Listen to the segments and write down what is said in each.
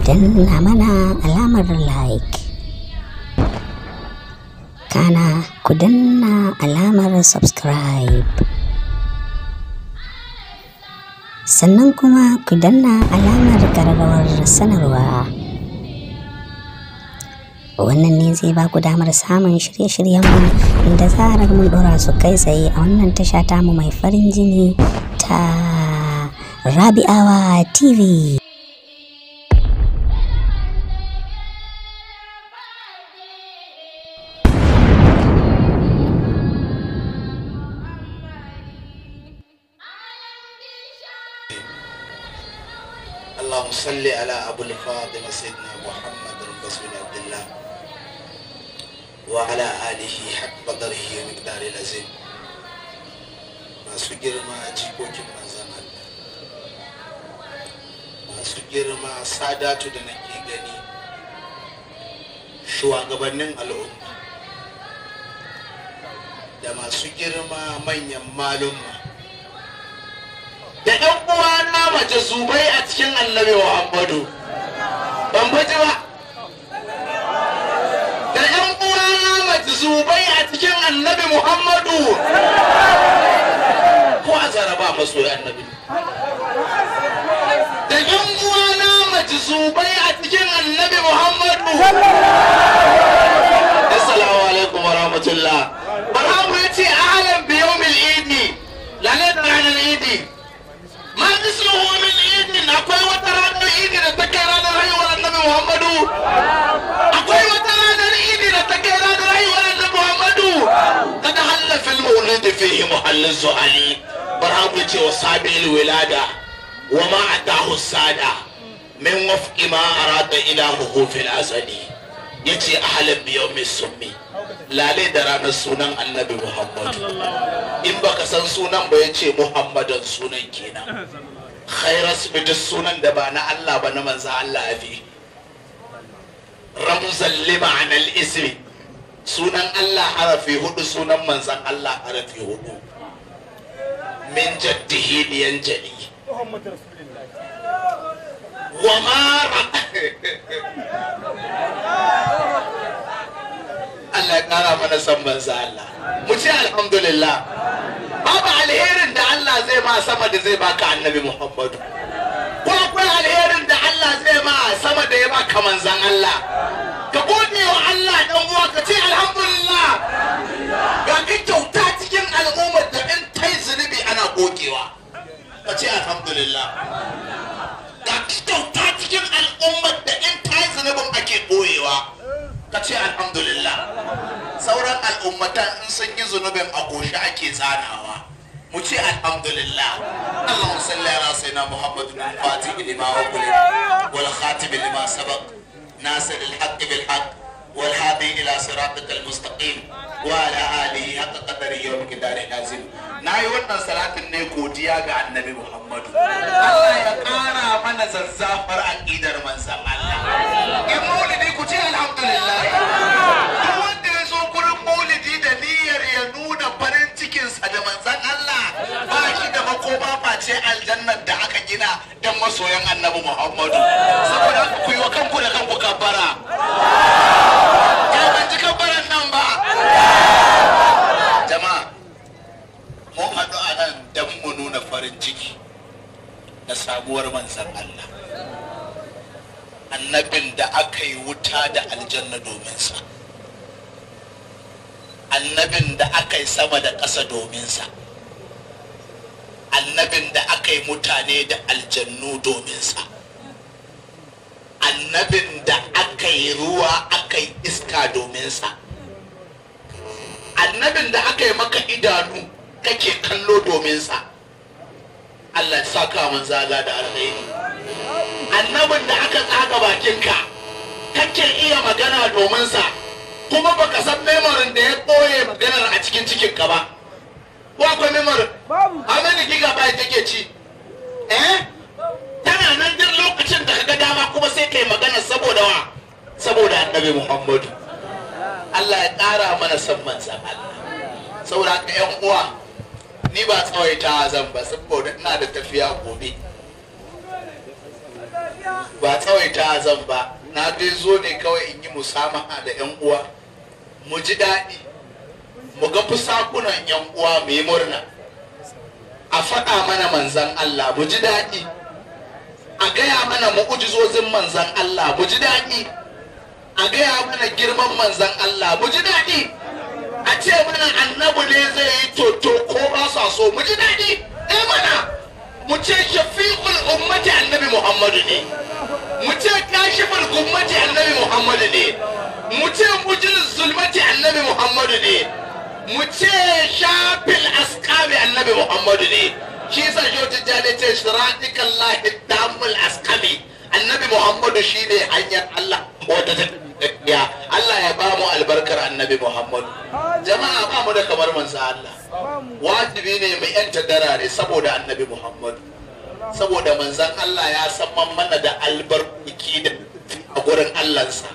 ku danna mana alamar like kana ku danna alamar subscribe sannan kuma ku danna alamar kararrawar sanarwa wannan ne zai ba ku damar samun shirye-shiryenmu da zarar mun dora su kai tsaye a wannan tasha tamu mai farin jini ta rabi'awa tv اللهم صل على أبو الفاضل سيدنا محمد رسول عبد الله وعلى آله حق قدره ومقدار العظيم masu girma jikokin manzan Allah masu girma sadatu da nake gani shugabannin al'umma da masu girma manyan malumma majasubai a cikin annabi muhammadu ban ba da yan uwana majasubai a cikin annabi muhammadu ko a zaraba masoyi annabi da yan uwana majasubai a cikin annabi muhammadu assalamu alaikum wa rahmatullah barhamu ya ce lalle da ranar da ta ranar annabi Muhammadu akwai wata ranar idi da ta kai ranar haihuwar annabi Muhammadu kad hallafil mawlid fihi muhallin zuhali barhamu ce wa sabil wilada wa ma atahu sada min wafqi ma arada ilahu fil azali yace ahlan bi yawmi summi lalai da ranar sunan annabi Muhammadu in baka san sunan ba yace Muhammadan sunan kenan khairar ismi duk sunan da ba na Allah ba na manzan Allah a fi ramzan limanal ismi sunan Allah harafi hudu sunan manzan Allah harafi hudu min jaddihi liyan jadi wa ma Allah ya kara mana san manzan Allah mu ce alhamdulillah Allah zai ma sama da zai baka annabi Muhammadu ko akwai alherin da Allah zai ma sama da ya ba baka manzan Allah ka gode wa Allah dan uwa ka ce alhamdulillah ga ka kyauta cikin al'ummar da in tai zunubi ana gogewa ka ce alhamdulillah ga ka kyauta cikin al'ummar da in tai zunubin ake boyewa ka ce alhamdulillah sauran al'ummata in sun yi zunubin a goshi ake zanawa mu ce alhamdulillah Allah salli ala sayyidina Muhammadun al-Fatih lima ughliq wal khatim lima sabaq nasir al-haqq bil haqq wal hadi ila siratik al-mustaqim wa ala alihi haqqa qadari yawm kidari lazim nayi wannan salatin ne godiya ga annabi Muhammadu Allah ya kara mana zazzafar aqidar manzon Allah in maulidi ku ce alhamdulillah masoyan annabi muhammadu saboda ku yi wa kanku da kanku kabbara ban ji kabbaran nan ba jama'a mu haɗu a nan don mu nuna farin ciki da sabuwar manzan Allah annabin da aka yi wuta da aljanna dominsa annabin da aka yi sama da ƙasa dominsa annabin da aka yi mutane da aljannu dominsa annabin da aka yi ruwa aka yi iska dominsa annabin da aka yi maka idanu kake kallo dominsa Allah sa ka man zaga da alheri annabin da aka tsaga bakinka kake iya magana dominsa kuma baka san memorin da ya ɓoye maganar a cikin cikinka ba ko akwai memory how many gigabyte take ci eh tana nan duk lokacin da kaga dama kuma sai kai magana saboda wa saboda annabi muhammadu Allah ya ƙara mana samman manzan Allah saboda haka yan uwa ni ba tsawaita zan ba saboda ina da tafiya gobe ba tsawaita zan ba na dai zo ne kawai in yi musamaha da yan uwa mu ji daɗi mu ga fusakunan yan uwa mu yi murna a faɗa mana manzan Allah mu ji daɗi a gaya mana mu'ujizozin manzan Allah mu ji daɗi a gaya mana girman manzan Allah mu ji daɗi a ce mana annabu ne zai yi toto ko ba sa so mu ji daɗi eh mana mu ce shafiqul ummati annabi Muhammadu ne mu ce kashiful ummati annabi Muhammadu ne mu ce mujin zulmati annabi Muhammadu ne mu ce shafil askabi annabi muhammadu ne shi sa shi wata jane ce shiratikan lahi damul askabi annabi muhammadu shi ne hanyar allah wata ta tafiya. allah ya ba mu albarkar annabi muhammadu jama'a ba mu da kamar manzo allah wajibi ne mu yanta darare saboda annabi muhammadu saboda manzan allah ya san mana da albarkuki da a gurin allansa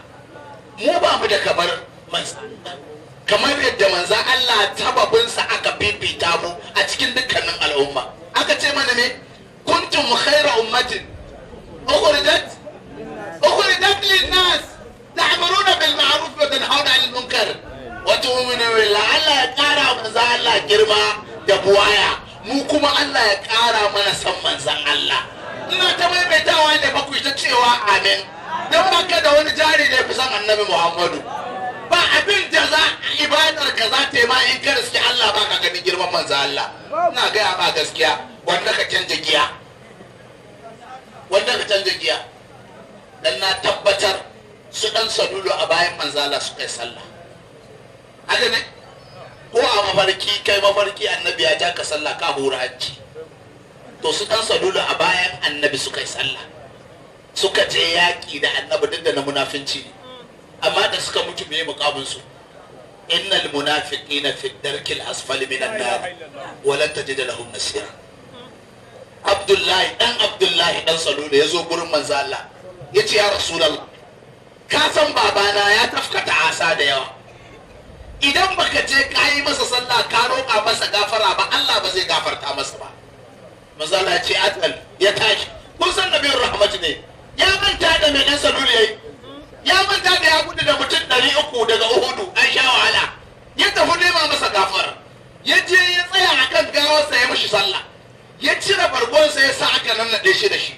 mu ba mu da kamar kamar yadda manzan Allah sababinsa aka fifita mu a cikin dukkanin al'umma aka ce mana ne kuntum khaira ummatin ukhrijat ukhrijat nas ta'muruna bil ma'ruf wa tanhauna 'anil munkar wa tu'minuna billah Allah ya kara manzan Allah girma da buwaya mu kuma Allah ya kara mana san manzan Allah ina ta maimaitawa ne ba ku ta cewa amin dan baka da wani jari da ya fi san annabi Muhammadu ba abin da za ibadar ka za ta yi ma in ka riski Allah ba ka gani girman manzo Allah ina gaya ma gaskiya wanda ka canja giya wanda ka canja giya dan na tabbatar su dan sadulo a bayan manzo Allah su kai sallah haka ne ko a mafarki kai mafarki annabi ya ja ka sallah ka hura hajji to su dan sadulo a bayan annabi su kai sallah suka je yaƙi da annabi duk da na munafinci ne amma da suka mutu me mukamin su innal munafiqina fi darkil asfali minan nar wa lan tajid lahum nasira Abdullahi dan Abdullahi dan Salulu yazo gurin manzo Allah yace ya Rasulullah ka san babana ya tafkata asa da yawa idan baka je ka yi masa sallah ka roƙa masa gafara ba Allah ba zai gafarta masa ba manzo Allah ya ce atal ya tashi kun san nabiyur rahmat ne ya manta da mai dan ya yayi ya manta da ya gudu da mutum ɗari uku daga uhudu an sha wahala ya tafi nema masa gafar ya je ya tsaya a kan gawarsa ya mashi sallah ya cire bargonsa ya sa aka nan naɗe shi da shi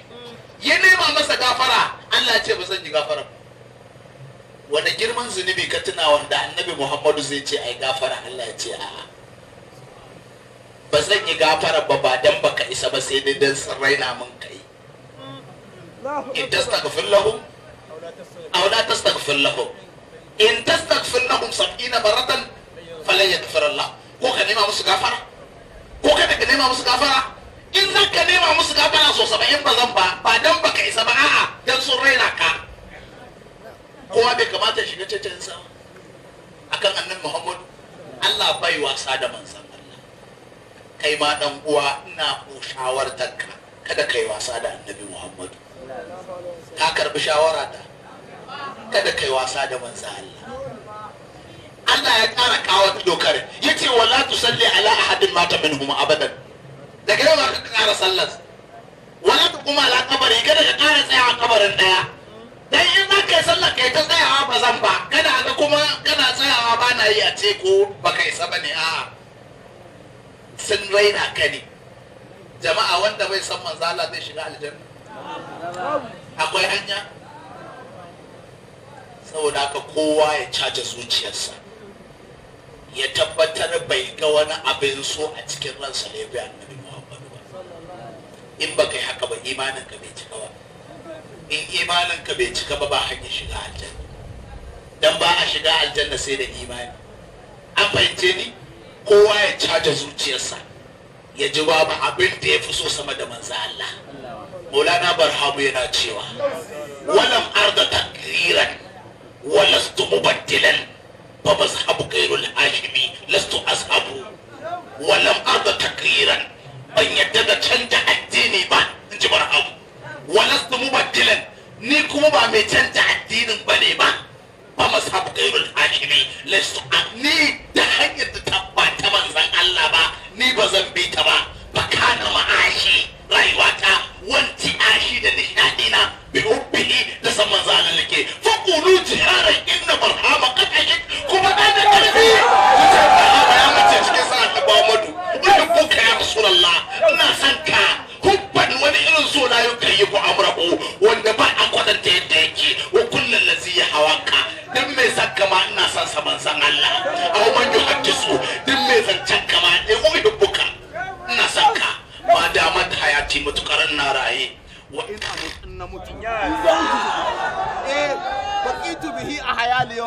ya nema masa gafara Allah ce ba zan ji gafara wani girman zunubi ka tuna wanda annabi muhammadu zai ce ai gafara Allah ce a'a ba zan yi gafara ba ba dan baka isa ba sai dai dan sun na mun kai in tastaghfir lahum aw la tastaghfir lahum in tastaghfir lahum sab'ina baratan falan yaghfir ko ka nema musu gafara ko ka nema musu gafara in za ka nema musu gafara so 70 ba zan ba ba isa ba a'a dan sun ka kowa bai kamata shiga cancan akan annabi Muhammad Allah bai wasa da manzon Allah kai ma dan uwa ina ko shawartar ka kada kai wasa da annabi Muhammad ka karbi shawara ta kada kai wasa da manzo Allah Allah ya kara kawo dokar ya ce wa la tusalli ala ahadin mata minhum abadan daga yau ka kara sallar wala ta kuma ala kabari kada ka kara tsaya a kabarin ɗaya dan in za ka sallar kai ta tsayawa ba zan ba kada ga kuma kana tsayawa ba na yi a ce ko ba kai isa bane ne a'a sun raina ka ne jama'a wanda bai san manzala zai shiga aljanna akwai hanya saboda haka kowa ya caja zuciyarsa ya tabbatar bai ga wani abin so a cikin ransa da ya bi annabi muhammadu ba in ba kai haka ba imanin ka bai cika ba in imanin ka bai cika ba ba hanyar shiga aljanna dan ba a shiga aljanna sai da imani an fahimce ni kowa ya caja zuciyarsa ya ji ba abin da ya fi so sama da manzo Allah maulana barhamu yana cewa walam arda takriran ولست مبدلا فمذهب غير الهاشمي لست اذهب ولم ارضى تكريرا ban yadda da canja addini ba in ji marhamu walastu mubaddilan ni kuma ba mai canja addinin ba ne ba ba mazhabu gairul hakimi lastu ni da hanyar da tabba ta manzan Allah ba ni ba zan bi ta ba ba kana ma'ashi rayuwata wanti ashi da nishadi na bi da saman manzan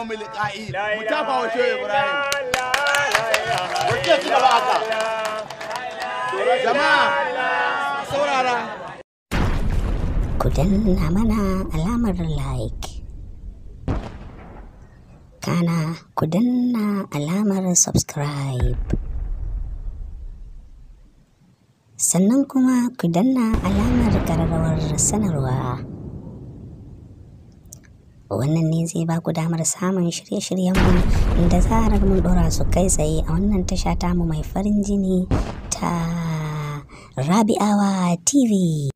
ku danna mana alamar like kana ku danna alamar subscribe sannan kuma ku danna alamar kararrawar sanarwa wannan ne zai ba ku damar samun shirye-shiryenmu da zarar mun ɗora su kai tsaye a wannan tasha tamu mai farin jini ta rabi'awa tv